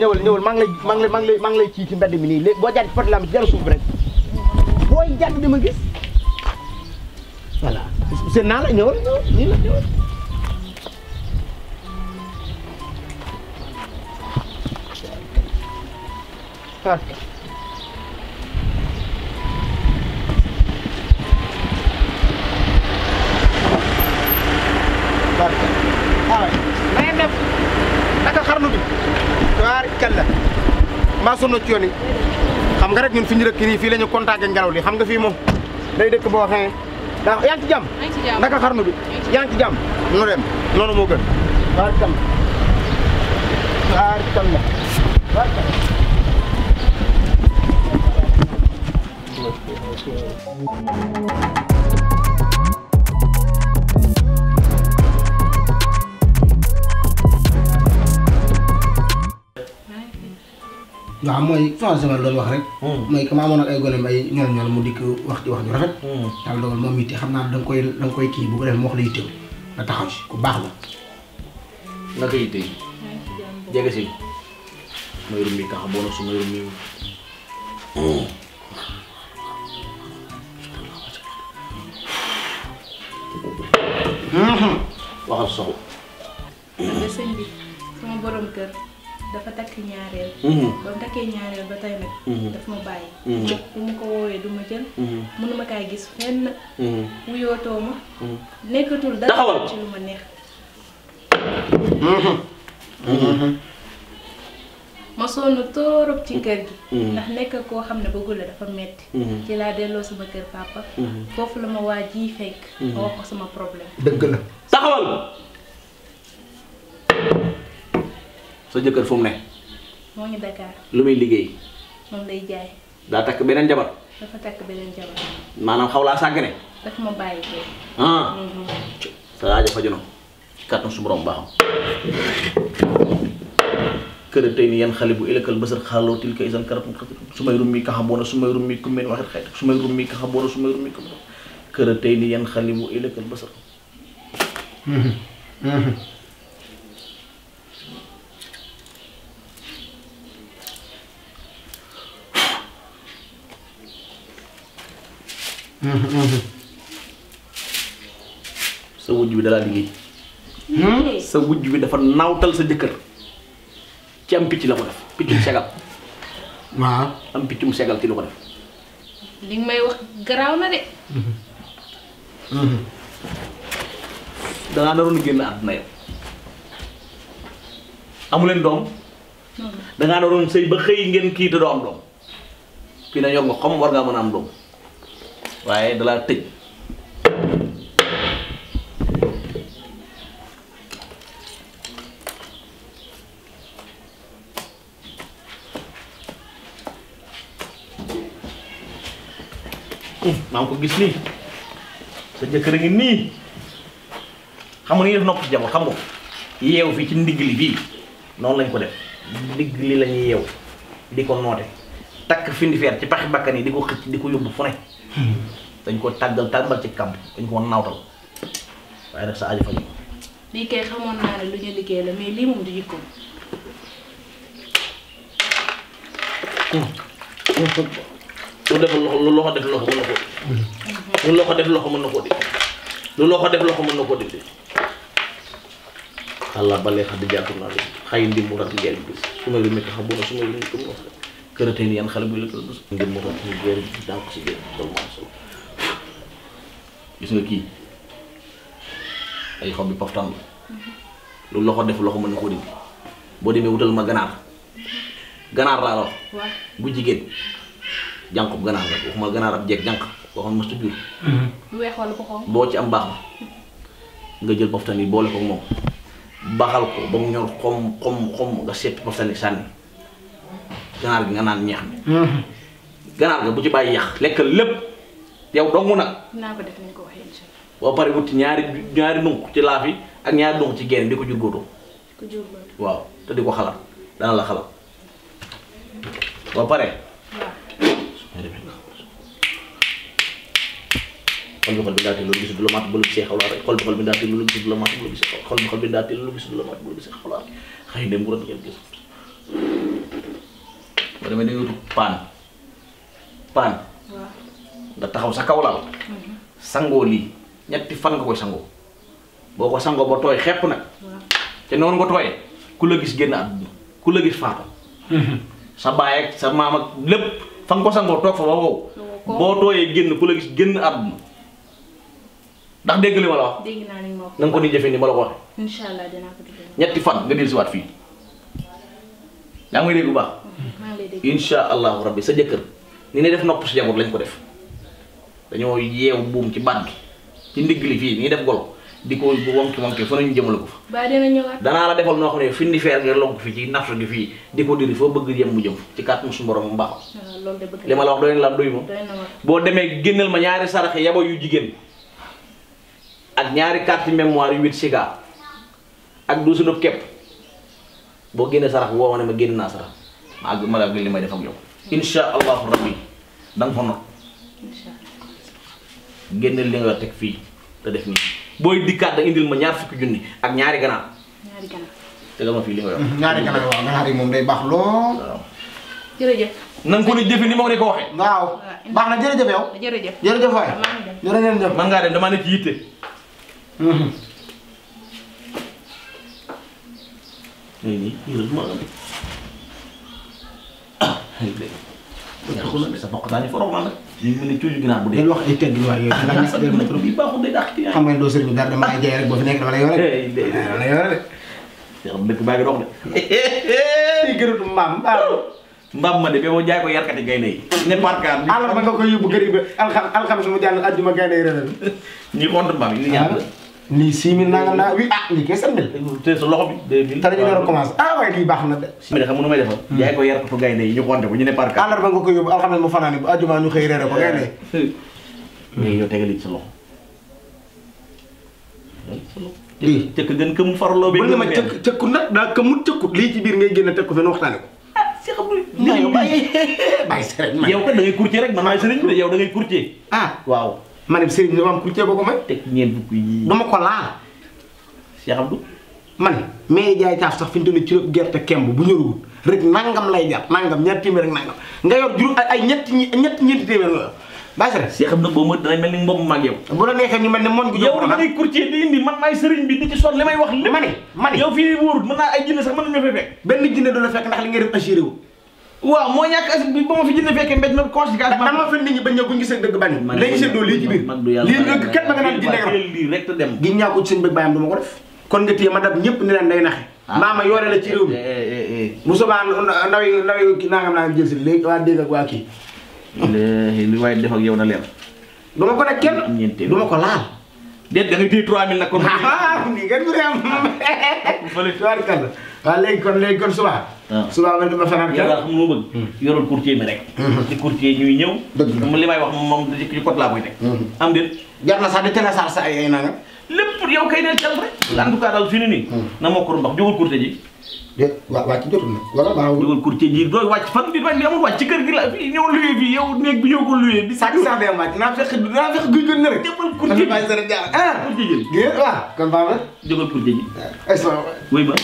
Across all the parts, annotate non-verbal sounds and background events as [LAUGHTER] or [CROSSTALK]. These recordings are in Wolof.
ñëwal ñëwal ñëwal maa ngi lay maa ngi lay maa mi nii léegi boo jàdd porte lampe ci jàll suuf bi rek booy jàdd di gis voilà naa la ñëwal ñëwal nii la ñëwal barka ah waaw tubaari kalla mbaa sunu ci yoon xam nga rek ñun fi ñu rëkk nii fii la ñu contacté ngelaw li xam nga fii moom day dëkk boo xamee daa yaa ngi ci jàmm naka xarnu bi yaa ngi ci jàmm nu dem Thank you. waaw mooy soxna Samael doon wax rek. Hmm. mooy que amoon ak ay gone ay ñoom ñoom mu dikk wax ci wax ju rafet. Hmm. moom it xam naa da nga da koy kii bu ko defee mu wax la yitteew nga taxaw ci ku baax la. naka yittee jege si mooy rum hmm. bi kaxa boo na su mooy rum kër. dafa takk ñaareel. ba mu takkee ñaareel ba tey nag. daf ma bàyyi. bu ma ko woowee du ma jël. mënuma kaa gis fenn. wuyootoo ma. nekkatul dara ci lu ma neex. ma sonn torop ci kër gi. ndax nekk koo xam bëggul dafa metti ci laa delloo sama kër papa. foofu la ma waa ji fekk. ma wax ko sama problème. dëgg la taxawal. sa jëkkër fu mu ne moo ngi Dakar lu muy liggéey moom day jaay daa takk beneen jabar dafa takk beneen jabar maanaam xaw laa sàgg ne daf ma bàyyi ko ah mhm. sa aajo fa jono ci kàttan su borom baaxam kër tey ni yan xale bu ilakal bësër xaaloo til ka isan karatun su may rummi ka xaboona su may rummi ku meen waxit xayta su may rummi ka xaboona su may rummi ku meen kër tey ni yan xale bu ilakal bësër sa wujj bi dala liggéey hmm? sa wujj bi dafa nawtal sa jëkkër ci am picc la ko def piccum segal waaw am dengan segal ci lu ko def li may wax garaaw na de mm-hmm. dangaa naroon génn àdduna yow amu mm-hmm. Wah, itu lah tik. Uh, mau pergi sini. Saja kering ini. Kamu ni nak kerja apa kamu? Iya, ofi cindi gili bi. Nol lagi boleh. Cindi gili lagi iya. Di kono deh. Tak kefin di fair. Cepat kebakar ni. Di kau di kau dañ ko tàggal tambal ci kamp dañ ko nawtal way nag sa aji fa ñu li kay xamone na la lu ñu liggéey la mais li mom du jikkoom lu defal loxo lu loxo def loxo mën na ko lu loxo def loxo mën na ko dindi lu loxo def loxo mën na ko dindi Allah balai hadi jatuh nabi. Kain di murah di jadi bis. Semua ilmu kita habis, semua ilmu kita كرتين ين خلي بيقول لك غير مو خاطر غير دانك سي غير دول ما شاء الله gis nga ki ay xob bi poftan lu loxo def loxo mën ko dindi bo demé wutal ma ganar ganar la wax bu jigen jankub ganar la waxuma ganar ab jek jank waxon musta jur lu wex wala ko xom bo ci am bax nga jël poftan yi bolé ko mom baxal ko bam ñor xom xom xom nga sepp poftan yi sanni ganar gi nga naan ñax hmm. ganar ga bu ci baye yax lekkal lepp yow dongu nak na ko def ni ko waxe inshallah allah pare wut ñaari ñaari nunk ci laafi ak ñaari nunk ci genn diko ko ko jurgóotu waaw te diko ko dana la xalaat boo pare xol bi xol bi daati loolu gisul la mat bu lu gisee xawlaar xol bi xol bi daati loolu gisul la mat bu lu gisee xol xol bi daati loolu gisul mat bu lu gisee xawlaar xëy ne mu ngeen gisul ba demee itu pan pan paan paan nga taxaw sa kaw lal mm-hmm. sangoo lii ñetti fan nga koy sangoo boo ko sangoo ba tooy xepp nag te noonu nga tooyee ku la gis génn àdduna ku la gis faatu sa baay ak sa maam ak lépp fa nga ko sangoo toog fa ba gis génn àdduna ndax dégg na ni jëfe ni ma la ko waxee ñetti fan nga dellusiwaat fii yaa insha allah rabbi sa jëkkër ni ne def nopp ci jabur lañ ko def dañoo yew buum ci baat ci ndigg li fii ni def gol diko bu wonki wonki fa ñu jëmul ko fa na la defal no xone ne findi feer nga lonk fi ci nafsu gi fi diko diri foo bëgg yëm mu jëm ci kàttan musu borom mu baax ma la wax doy la duy mo bo démé génnal ma ñaari sarax yabo yu jigen ak ñaari carte mémoire yu wit siga ak duusunub kep bo gënë sarax wo wone ma gënë na sarax ma àgg ini àgg li may def ak yow insha allahu rabbi da nga ko not génneel li nga teg fii te def nii booy dikkaat da indil ma ñaar fukki junni ak ñaari ganaar ñaari ganaar tegal ma fii li nga yor mm-hmm. ñaari ganaar waaw ganaar yi day baax lool na ko ni jëfe ni ma ne ko waxee waaw na yow man dem ne ci yitte mm-hmm. sa bokk daa ñu fa roxla nag ñu mel ni cuuju ginaar bu dee wax ay tegg waay yooyu bi baaxul day dàq xam nga doo sëriñ dara dama lay jaay rek boo fi nekk dama lay yore dama lay yore de xam dëkk baa ngi dox de gërëtu mbaam mbaam ma de boo jaay ko yarkati gaynde yi ne parkaar bi àll ba nga koy yóbbu gërëm alxam alxam su ma jàll àjjuma gaynde yi ñu xont mbaam yi ñu ñaan lii six mille nangam naa huit ah lii kay sept mille. te sa loxo bi deux mille. te dañu doon ah waaye lii baax na de. six mille xam nga nu may defal. Hmm. yaay ko yar ko fa gaynde yi ñu konte ko ñu ne par cas. àllarba nga ko yóbbu alxames mu fanaani bu àjjuma ñu xëy reere ko eh. ma cëkk cëkku nag daa këmut cëkkut lii ci biir ngay génn teg ko fenn waxtaane ko. ah [LAUGHS] yow kat da ngay courtier rek man maay sëriñ bi yow da ngay courtier ah waaw ma ne Serigne dama am ku ceeb ko may. teg ñeent fukk yii dama ko laal. Cheikh Abdou. ma ne mais jaay caaf sax fi mu toll nii ci gerte kemb bu ñorugul rek nangam lay jar nangam ñaar téeméer rek nangam nga yor juróom ay ñetti ñetti ñeenti téeméer la. baa si rek Cheikh Abdou la neexee ñu bi di ci sonn li may wax. li ma ne ma ne yow fii wóorut mën naa ay jinne sax mën nañu fee fekk. benn jinne du la fekk ndax li ngay def assuré waaw moo ñàkk bi ba ma fi jënd fekkee mbéj ma conséquence dama fi nit ñi bañ ñëw bu ñu gisee ma nga naan gi nekk lii rek te dem gi ko ci seen bëgg du ma ko def kon nga téye ma ah. la naa eh, eh, eh, ma ko nag kenn du ma ko laal déet da nga téye [LAUGHS] ah, ah, nii [LAUGHS] kon subaa waaw ah. subaa nga dama fanaan yow daal xam nga ma bëgg hmm. yorul courtier mi rek ci hmm. courtier ñuy ñëw dëgg li may wax moom ci code laa koy teg hmm. am déet jar na sax di teel a saar sa ay ay nanga lépp yow kay neel jàll ji dé waaw doo wàcc fan bi bañ bi amul kër gi la ñoo luye fii yow néeg bi ñoo ko luye bi sax sax dem wàcc naa fex naa fex guy gën na rek jógal ji jógal courtier ji ah, waaw kon baax na jógal ji eh, eh, way ba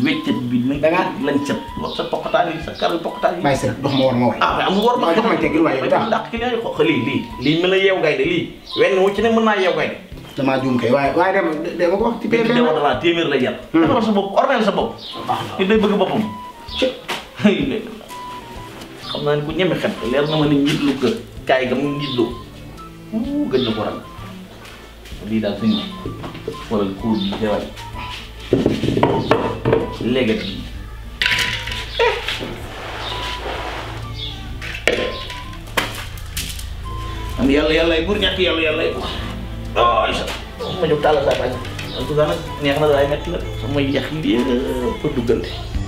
weccet bi nañ lañ cëpp loolu sa pokkataan yi sa karu pokkataan yi may sa dox ma war ma way ah am war ma jox ma tegil way da ndax ki lay xox li li li mën a yew gay de li wenn wu ci ne mën naa yew gay de dama juum kay waaye waaye dem dama ko wax ci bébé dama dama téeméer la yar dafa sa bopp ormel sa bopp ki day bëgg boppam xam naa ni ku ñeme xet leer na ma ni njiit lu kër kaay ga mu njiit lu gën na ko ran lii daal suñu wala kuur bi teewal lega den. Nanti eh. yalla yalla ibu nyaki yalla lain lagi. Oh, isa. Menyuk talas apa ini? Aku sana, ini akan ada ayam sama yakin dia pedugan deh.